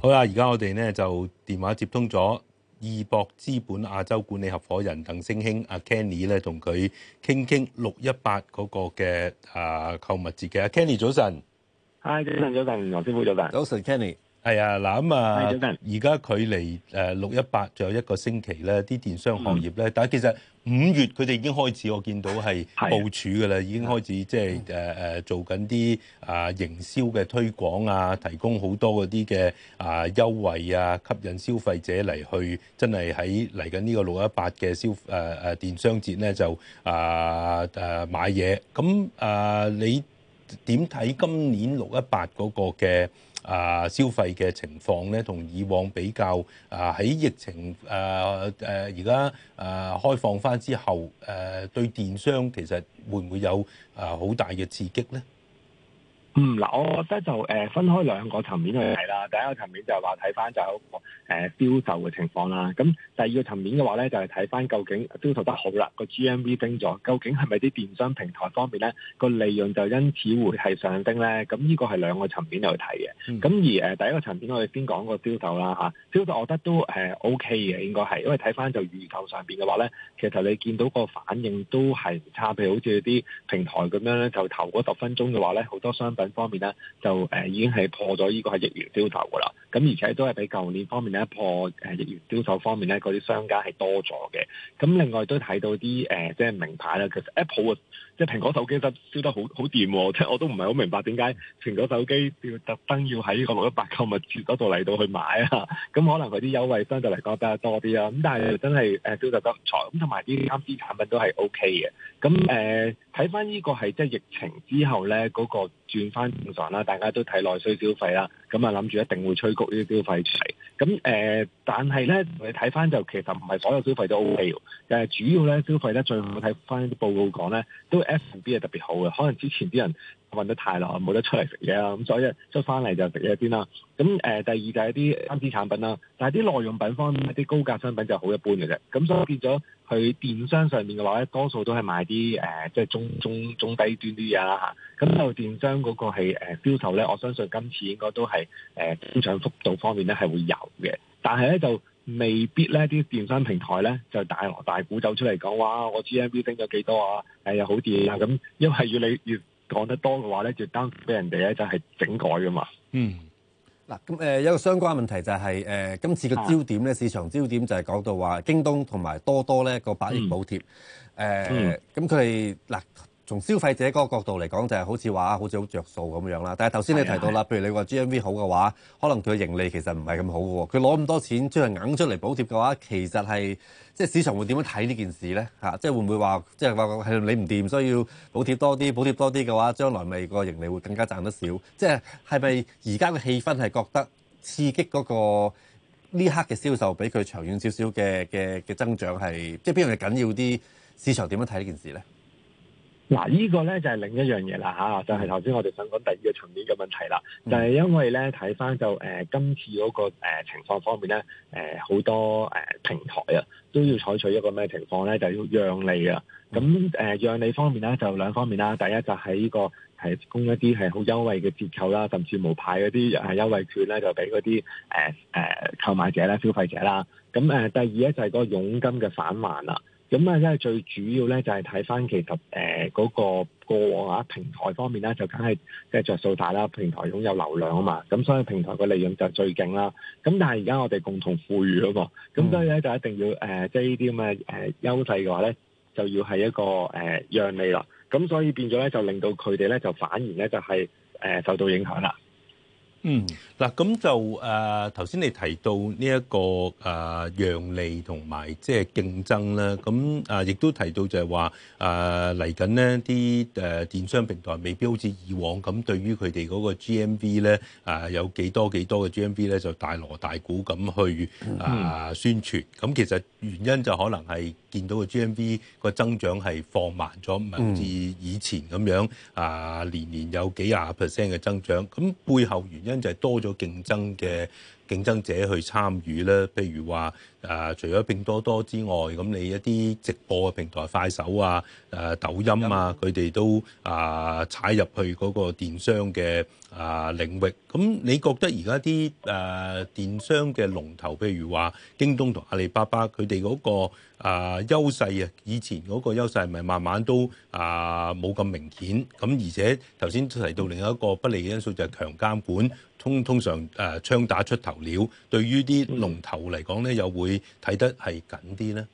好啦，而家我哋咧就電話接通咗意博資本亞洲管理合夥人鄧聲興阿 Kenny 咧，同佢傾傾六一八嗰個嘅啊購物節嘅。阿 Kenny 早晨，嗨，早晨，早晨，黃師傅早晨，早晨 Kenny。係啊，嗱咁啊，而家距離誒六一八仲有一個星期咧，啲電商行業咧，嗯、但係其實五月佢哋已經開始，我見到係部署㗎啦，啊、已經開始即、就、係、是呃、做緊啲啊營銷嘅推廣啊，提供好多嗰啲嘅啊優惠啊，吸引消費者嚟去真係喺嚟緊呢個六一八嘅消誒、呃、電商節咧就啊誒、呃、買嘢。咁誒、呃、你點睇今年六一八嗰個嘅？啊，消費嘅情況咧，同以往比較啊，喺疫情誒誒而家誒開放翻之後，誒、啊、對電商其實會唔會有啊好大嘅刺激咧？嗯，嗱，我覺得就、呃、分開兩個層面去睇啦。第一個層面就係話睇翻就誒、呃、銷售嘅情況啦。咁第二個層面嘅話咧，就係睇翻究竟銷售得好啦，個 GMV 升咗，究竟係咪啲電商平台方面咧、個利潤就因此會係上升咧？咁呢個係兩個層面去睇嘅。咁、嗯、而誒、呃、第一個層面我哋先講個銷售啦嚇、啊，銷售我覺得都、呃、OK 嘅，應該係因為睇翻就預購上邊嘅話咧，其實你見到個反應都係唔差，譬如好似啲平台咁樣咧，就頭嗰十分鐘嘅話咧，好多商品，方面咧就誒、呃、已經係破咗呢個係億元銷售噶啦，咁而且都係比舊年方面咧破、呃、億元銷售方面咧嗰啲商家係多咗嘅。咁另外都睇到啲誒、呃、即係名牌啦，其實 Apple 即係蘋果手機都銷得好好掂、哦，即係我都唔係好明白點解蘋果手機要特登要喺呢個六一八購物節嗰度嚟到去買啊。咁可能佢啲優惠相對嚟講比較多啲啊。咁但係真係誒銷售得唔錯。咁同埋啲啱啲產品都係 O K 嘅。咁誒睇翻呢個係即係疫情之後咧嗰、嗰個。轉返正常啦，大家都睇內需消費啦。咁啊，諗住一定會吹谷啲消費出嚟。咁誒、呃，但係咧，你睇翻就其實唔係所有消費都 O K 嘅。誒，主要咧消費咧，最近睇翻啲報告講咧，都 F B 係特別好嘅。可能之前啲人混得太耐，冇得出嚟食嘢啦。咁所以即返翻嚟就食嘢啲啦。咁、呃、第二就係啲新鮮產品啦。但係啲耐用品方面啲高價商品就好一般嘅啫。咁所以變咗佢電商上面嘅話咧，多數都係賣啲誒，即、呃、係、就是、中中中低端啲嘢啦嚇。咁就電商嗰個係誒、呃、銷售呢，咧，我相信今次應該都係。誒，增長幅度方面咧係會有嘅，但係咧就未必咧啲電商平台咧就大鑼大鼓走出嚟講話我 G M V 升咗幾多啊，誒又好啲啦咁，因為越嚟越講得多嘅話咧，單就擔住俾人哋咧就係整改噶嘛。嗯，嗱咁誒一個相關問題就係、是、誒、呃、今次嘅焦點咧，啊、市場焦點就係講到話京東同埋多多咧個百億補貼，誒咁佢哋。從消費者嗰個角度嚟講，就係、是、好似話好似好着數咁樣啦。但係頭先你提到啦，的譬如你話 G M V 好嘅話，可能佢嘅盈利其實唔係咁好喎。佢攞咁多錢將嚟、就是、硬出嚟補貼嘅話，其實係即係市場會點樣睇呢件事咧？嚇、啊，即係會唔會話即係話係你唔掂，所以要補貼多啲，補貼多啲嘅話，將來咪個盈利會更加賺得少？即係係咪而家嘅氣氛係覺得刺激嗰個呢刻嘅銷售，比佢長遠少少嘅嘅嘅增長係即係邊樣係緊要啲？市場點樣睇呢件事咧？嗱，呢個咧就係另一樣嘢啦吓，就係頭先我哋想講第二個層面嘅問題啦，就係、是、因為咧睇翻就、呃、今次嗰、那個、呃、情況方面咧，好、呃、多、呃、平台啊都要採取一個咩情況咧，就要讓利啊，咁誒、呃、讓利方面咧就兩方面啦，第一就係呢、這個提供一啲係好優惠嘅折扣啦，甚至無牌嗰啲誒優惠券咧就俾嗰啲誒購買者啦、消費者啦，咁、呃、第二咧就係個佣金嘅返還啦。咁啊，即係、嗯、最主要咧，就係睇返其實誒嗰、呃、那個過往啊，平台方面咧，就梗係即係著數大啦，平台擁有流量啊嘛，咁所以平台嘅利潤就最勁啦。咁但係而家我哋共同富裕嗰個，咁所以咧就一定要誒、呃，即係呢啲咁嘅誒優勢嘅話咧，就要係一個誒、呃、讓利啦。咁所以變咗咧，就令到佢哋咧就反而咧就係、是、誒、呃、受到影響啦。嗯，嗱咁就誒頭先你提到呢、這、一個誒讓、啊、利同埋即係競爭啦，咁誒亦都提到就係話誒嚟緊呢啲誒、啊、電商平台未必好似以往咁對於佢哋嗰個 GMV 咧誒、啊、有幾多幾多嘅 GMV 咧就大鑼大鼓咁去誒、啊、宣傳，咁、嗯、其實原因就可能係見到個 GMV 個增長係放慢咗，唔係好似以前咁樣啊年年有幾廿 percent 嘅增長，咁背後原因因就係多咗競爭嘅。競爭者去參與咧，譬如話誒、啊，除咗拼多多之外，咁你一啲直播嘅平台，快手啊、誒、啊、抖音啊，佢哋都啊踩入去嗰個電商嘅啊領域。咁你覺得而家啲誒電商嘅龍頭，譬如話京東同阿里巴巴，佢哋嗰個啊優勢啊，以前嗰個優勢係咪慢慢都啊冇咁明顯？咁而且頭先提到另一個不利因素就係強監管。通通常誒、啊、槍打出頭鳥，對於啲龍頭嚟講咧，又會睇得係緊啲咧。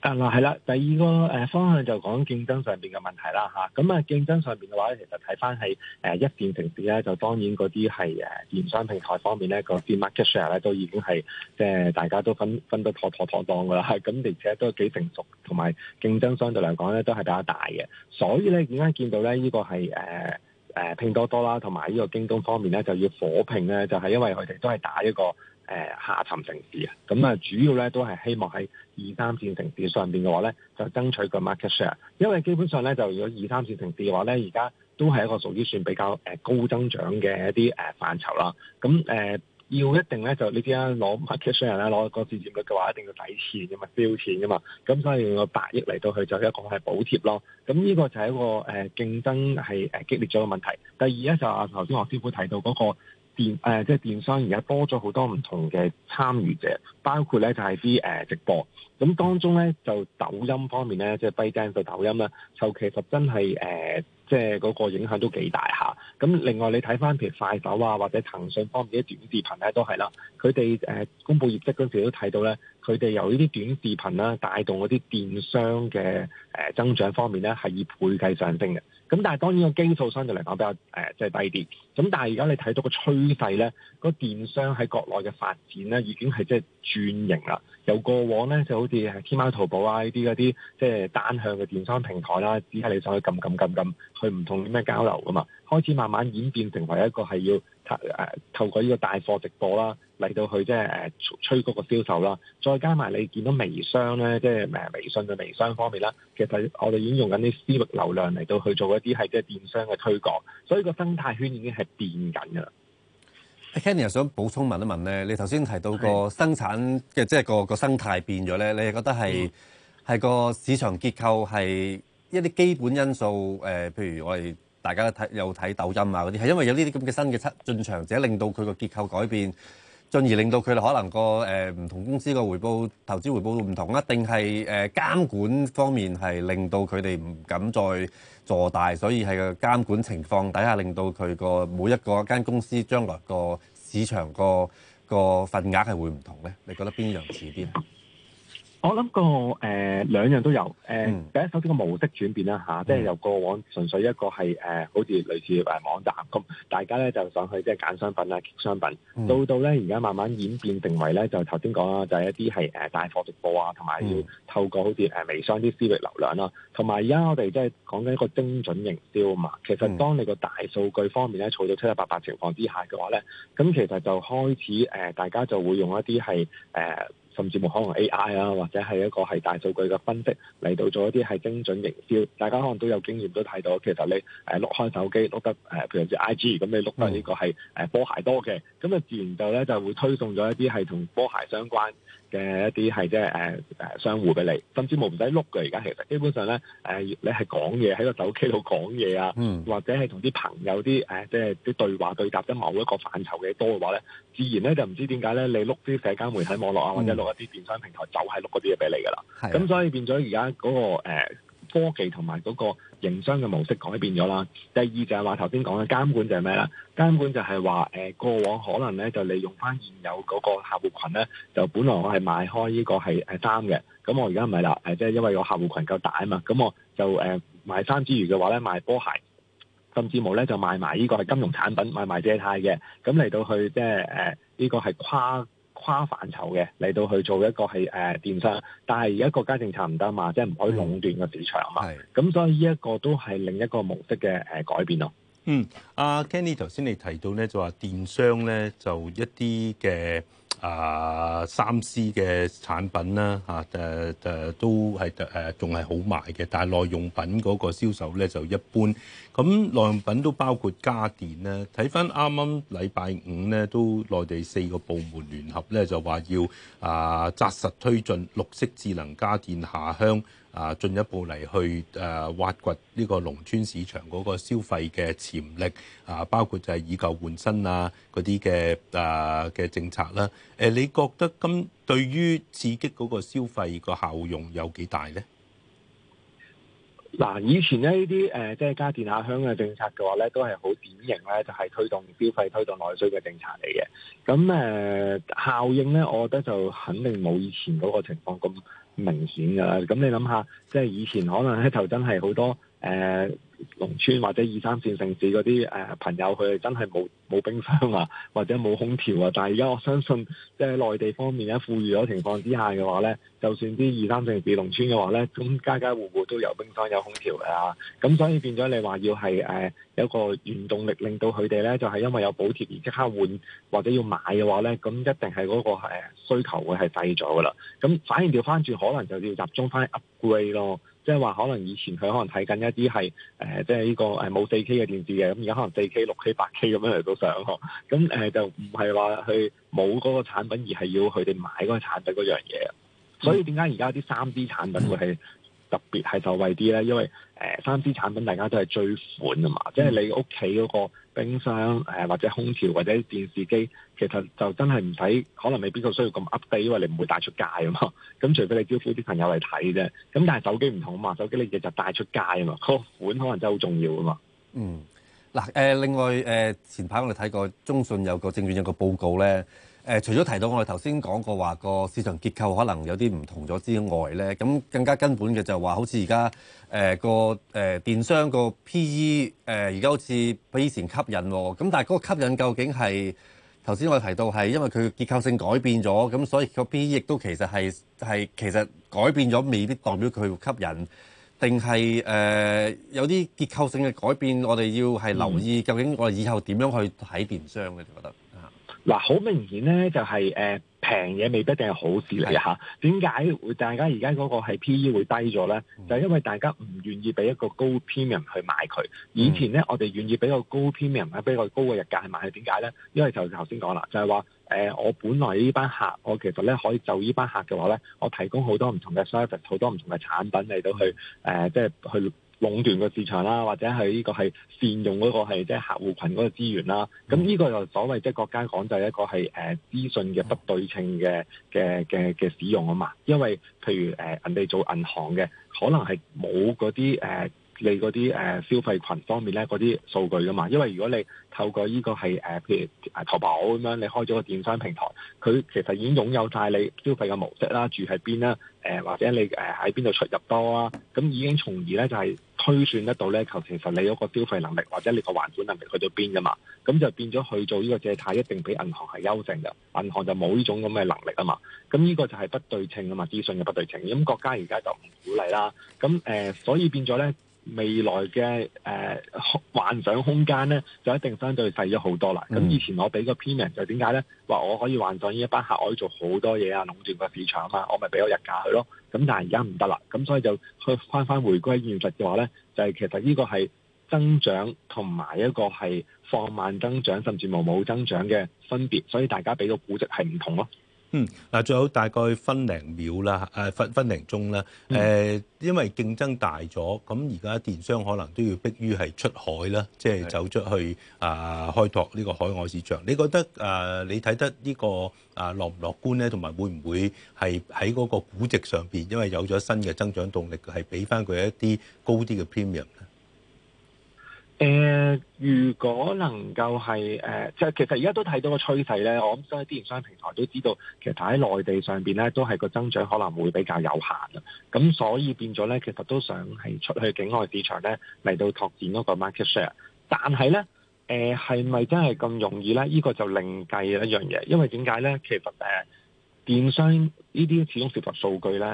啊嗱、嗯，係啦，第二個誒方向就講競爭上邊嘅問題啦嚇。咁啊，競爭上邊嘅話咧，其實睇翻係誒一線城市咧，就當然嗰啲係誒電商平台方面咧，嗰啲 market share 咧都已經係即係大家都分分到妥妥妥當噶啦。咁而且都幾成熟，同埋競爭相對嚟講咧都係比較大嘅。所以咧，而家見到咧呢個係誒。誒、呃、拼多多啦，同埋呢個京東方面咧，就要火拼咧，就係、是、因為佢哋都係打一個誒、呃、下沉城市啊。咁啊，主要咧都係希望喺二三線城市上邊嘅話咧，就爭取個 market share，因為基本上咧，就如果二三線城市嘅話咧，而家都係一個屬於算比較誒、呃、高增長嘅一啲誒範疇啦。咁誒。呃要一定咧，就你知攞 m a r k t s h a r 攞個市佔率嘅話，一定要抵錢㗎嘛，燒錢㗎嘛，咁所以用個百億嚟到去就一個係補貼咯。咁呢個就係一個誒、呃、競爭係激烈咗嘅問題。第二咧，就阿頭先我師傅提到嗰個電、呃、即係電商而家多咗好多唔同嘅參與者，包括咧就係、是、啲、呃、直播。咁當中咧就抖音方面咧，即係低 i 到抖音啦，就其實真係誒。呃即係嗰個影響都幾大吓，咁另外你睇返譬如快手啊或者騰訊方面啲短視頻咧都係啦，佢哋誒公佈業績嗰陣時都睇到咧，佢哋由呢啲短視頻啦帶動嗰啲電商嘅誒增長方面咧係以倍計上升嘅。咁但係當然個基數相對嚟講比較誒即係低啲。咁但係而家你睇到個趨勢咧，個電商喺國內嘅發展咧已經係即係轉型啦。由過往咧就好似係天貓、M A、淘寶啊呢啲嗰啲即係單向嘅電商平台啦，只係你上去撳撳撳撳去唔同啲咩交流㗎嘛，開始慢慢演變成為一個係要誒透過呢個大貨直播啦。嚟到去即係誒催谷嗰個銷售啦，再加埋你見到微商咧，即係誒微信嘅微商方面啦。其實我哋已經用緊啲私域流量嚟到去做一啲係即係電商嘅推廣，所以個生態圈已經係變緊㗎啦。Kenny 又想補充問一問咧，你頭先提到個生產嘅是即係個個生態變咗咧，你係覺得係係、嗯、個市場結構係一啲基本因素誒、呃？譬如我哋大家睇又睇抖音啊嗰啲，係因為有呢啲咁嘅新嘅出進場者，令到佢個結構改變。進而令到佢哋可能個誒唔同公司個回報投資回報唔同啊，定係誒監管方面係令到佢哋唔敢再坐大，所以係個監管情況底下令到佢個每一個間公司將來個市場個個份額係會唔同咧？你覺得邊樣似啲？我諗個誒兩樣都有誒，第一，呃嗯、首先個模式轉變啦吓，啊嗯、即係由過往純粹一個係誒、呃、好似類似誒網站咁，大家咧就想去即係揀商品啊、篩商品，商品嗯、到到咧而家慢慢演變成為咧就頭先講啦，就係、就是、一啲係、呃、大貨直播啊，同埋要透過、嗯、好似微商啲私域流量啦，同埋而家我哋即係講緊一個精準營銷啊嘛。其實當你個大數據方面咧，儲到七七八八情況之下嘅話咧，咁其實就開始誒、呃、大家就會用一啲係誒。呃甚至乎可能 AI 啊，或者係一個係大數據嘅分析嚟到做一啲係精準營銷。大家可能都有經驗都睇到，其實你誒碌開手機碌得誒、呃，譬如似 IG 咁，你碌得呢個係波鞋多嘅，咁啊自然就咧就會推送咗一啲係同波鞋相關嘅一啲係即係誒誒商戶俾你。甚至乎唔使碌嘅，而家其實基本上咧誒、呃，你係講嘢喺個手機度講嘢啊，嗯、或者係同啲朋友啲誒、呃、即係啲對話對答得某一個範疇嘅多嘅話咧，自然咧就唔知點解咧你碌啲社交媒體網絡啊或者、嗯。做一啲電商平台就係碌嗰啲嘢俾你噶啦，咁的所以變咗而家嗰個誒、呃、科技同埋嗰個營商嘅模式，改變咗啦。第二就係話頭先講嘅監管就係咩啦？監管就係話誒過往可能咧就利用翻現有嗰個客戶群咧，就本來我係賣開呢個係係衫嘅，咁、啊、我而家唔係啦，誒即係因為個客戶群夠大啊嘛，咁我就誒賣衫之餘嘅話咧賣波鞋，甚至冇咧就賣埋呢個係金融產品，賣埋借貸嘅，咁嚟到去即係誒呢個係跨。跨範疇嘅嚟到去做一個係誒電商，但係而家國家政策唔得嘛，即係唔可以壟斷個市場嘛。咁、嗯、所以呢一個都係另一個模式嘅誒改變咯。嗯，阿 Kenny 頭先你提到咧，就話電商咧就一啲嘅。啊，三 C 嘅產品啦，嚇、啊啊啊，都係仲係好賣嘅，但係耐用品嗰個銷售咧就一般。咁耐用品都包括家電啦，睇翻啱啱禮拜五咧都內地四個部門聯合咧就話要啊紮實推進綠色智能家電下鄉。啊，進一步嚟去誒挖掘呢個農村市場嗰個消費嘅潛力啊，包括就係以舊換新啊嗰啲嘅誒嘅政策啦。誒，你覺得今對於刺激嗰個消費個效用有幾大咧？嗱，以前咧呢啲誒即係家電下鄉嘅政策嘅話咧，都係好典型咧，就係推動消費、推動內需嘅政策嚟嘅。咁誒，效應咧，我覺得就肯定冇以前嗰個情況咁明顯噶啦，咁你諗下，即係以前可能喺頭真係好多誒。呃農村或者二三線城市嗰啲誒朋友他的沒，佢真係冇冇冰箱啊，或者冇空調啊。但係而家我相信，即係內地方面咧富裕咗情況之下嘅話咧，就算啲二三線城市農村嘅話咧，咁家家戶戶都有冰箱有空調啊。咁所以變咗你話要係誒有一個原動力，令到佢哋咧就係因為有補貼而即刻換或者要買嘅話咧，咁一定係嗰個誒需求會係低咗噶啦。咁反而調翻轉，可能就要集中翻 upgrade 咯。即係話可能以前佢可能睇緊一啲係誒，即係呢個誒冇四 K 嘅電視嘅，咁而家可能四 K、六 K、八 K 咁樣嚟到上，咁、啊、誒就唔係話去冇嗰個產品，而係要佢哋買嗰個產品嗰樣嘢。所以點解而家啲三 D 產品會係？特別係就為啲咧，因為誒三 D 產品大家都係追款啊嘛，即係、嗯、你屋企嗰個冰箱誒或者空調或者電視機，其實就真係唔使可能未必夠需要咁 update，因為你唔會帶出街啊嘛。咁除非你招呼啲朋友嚟睇啫。咁但係手機唔同啊嘛，手機啲嘢就帶出街啊嘛，個款可能真係好重要啊嘛。嗯，嗱誒，另外誒前排我哋睇過中信有個證券有個報告咧。誒、呃，除咗提到我哋頭先講過的話個市場結構可能有啲唔同咗之外咧，咁更加根本嘅就係話，好似而家誒個誒電商個 P E 誒、呃，而家好似比以前吸引喎。咁但係嗰個吸引究竟係頭先我提到係因為佢結構性改變咗，咁所以個 P E 亦都其實係係其實改變咗，未必代表佢會吸引，定係誒有啲結構性嘅改變，我哋要係留意究竟我哋以後點樣去睇電商嘅？嗯、你覺得？嗱，好、啊、明顯咧，就係誒平嘢未必一定係好事嚟嚇。點解會大家而家嗰個係 P E 會低咗咧？嗯、就因為大家唔願意俾一個高 premium 去買佢。以前咧，我哋願意俾個高 premium、買比較高嘅日價去買，係點解咧？因為就頭先講啦，就係話誒，我本來呢班客，我其實咧可以就呢班客嘅話咧，我提供好多唔同嘅 service，好多唔同嘅產品嚟到去誒、呃，即係去。壟斷個市場啦，或者係呢個係善用嗰個係即係客戶群嗰個資源啦。咁呢個就所謂即係國家講就係一個係誒資訊嘅不對稱嘅嘅嘅嘅使用啊嘛。因為譬如誒、呃、人哋做銀行嘅，可能係冇嗰啲誒。呃你嗰啲誒消費群方面咧，嗰啲數據噶嘛？因為如果你透過呢個係誒譬如誒淘寶咁樣，你開咗個電商平台，佢其實已經擁有曬你消費嘅模式啦，住喺邊啦，誒、呃、或者你誒喺邊度出入多啊，咁已經從而咧就係、是、推算得到咧，求其實你嗰個消費能力或者你個還款能力去到邊噶嘛，咁就變咗去做呢個借貸一定比銀行係優勝嘅，銀行就冇呢種咁嘅能力啊嘛，咁呢個就係不對稱啊嘛，資訊嘅不對稱，咁國家而家就唔鼓勵啦，咁誒、呃、所以變咗咧。未來嘅誒、呃、幻想空間咧，就一定相對細咗好多啦。咁、嗯、以前我俾個偏名就點解咧？話我可以幻想呢一班客，我可以做好多嘢啊，壟斷個市場啊嘛，我咪俾我日價佢咯。咁但係而家唔得啦，咁所以就去翻翻回歸現實嘅話咧，就係、是、其實呢個係增長同埋一個係放慢增長甚至無冇增長嘅分別，所以大家俾個估值係唔同咯。嗯，嗱，仲有大概分零秒啦，誒分分零鐘啦，誒，因為競爭大咗，咁而家電商可能都要迫於係出海啦，即係走出去啊，開拓呢個海外市場。你覺得誒，你睇得呢個啊樂唔樂觀咧？同埋會唔會係喺嗰個估值上邊，因為有咗新嘅增長動力，係俾翻佢一啲高啲嘅 premium 咧？誒、呃，如果能夠係誒，即係、呃、其實而家都睇到個趨勢咧，我諗所有電商平台都知道，其實喺內地上面咧都係個增長可能會比較有限啦。咁所以變咗咧，其實都想係出去境外市場咧嚟到拓展嗰個 market share 但，但係咧，誒係咪真係咁容易咧？呢、呢個就另計一樣嘢，因為點解咧？其實誒。電商呢啲始終涉及數據咧，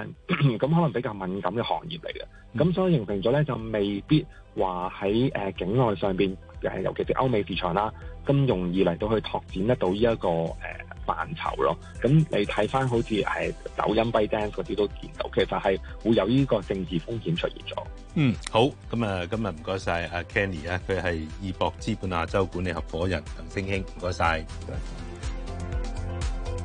咁 可能比較敏感嘅行業嚟嘅，咁、嗯、所以形成咗咧就未必話喺誒境外上邊誒，尤其是歐美市場啦，咁容易嚟到去拓展得到呢一個誒範疇咯。咁你睇返好似係抖音、ByteDance 嗰啲都見到，其實係會有呢個政治風險出現咗。嗯，好，咁啊，今日唔該晒。阿 Kenny 啊，佢係意博資本亞洲管理合夥人鄧聲興，唔該晒。謝謝。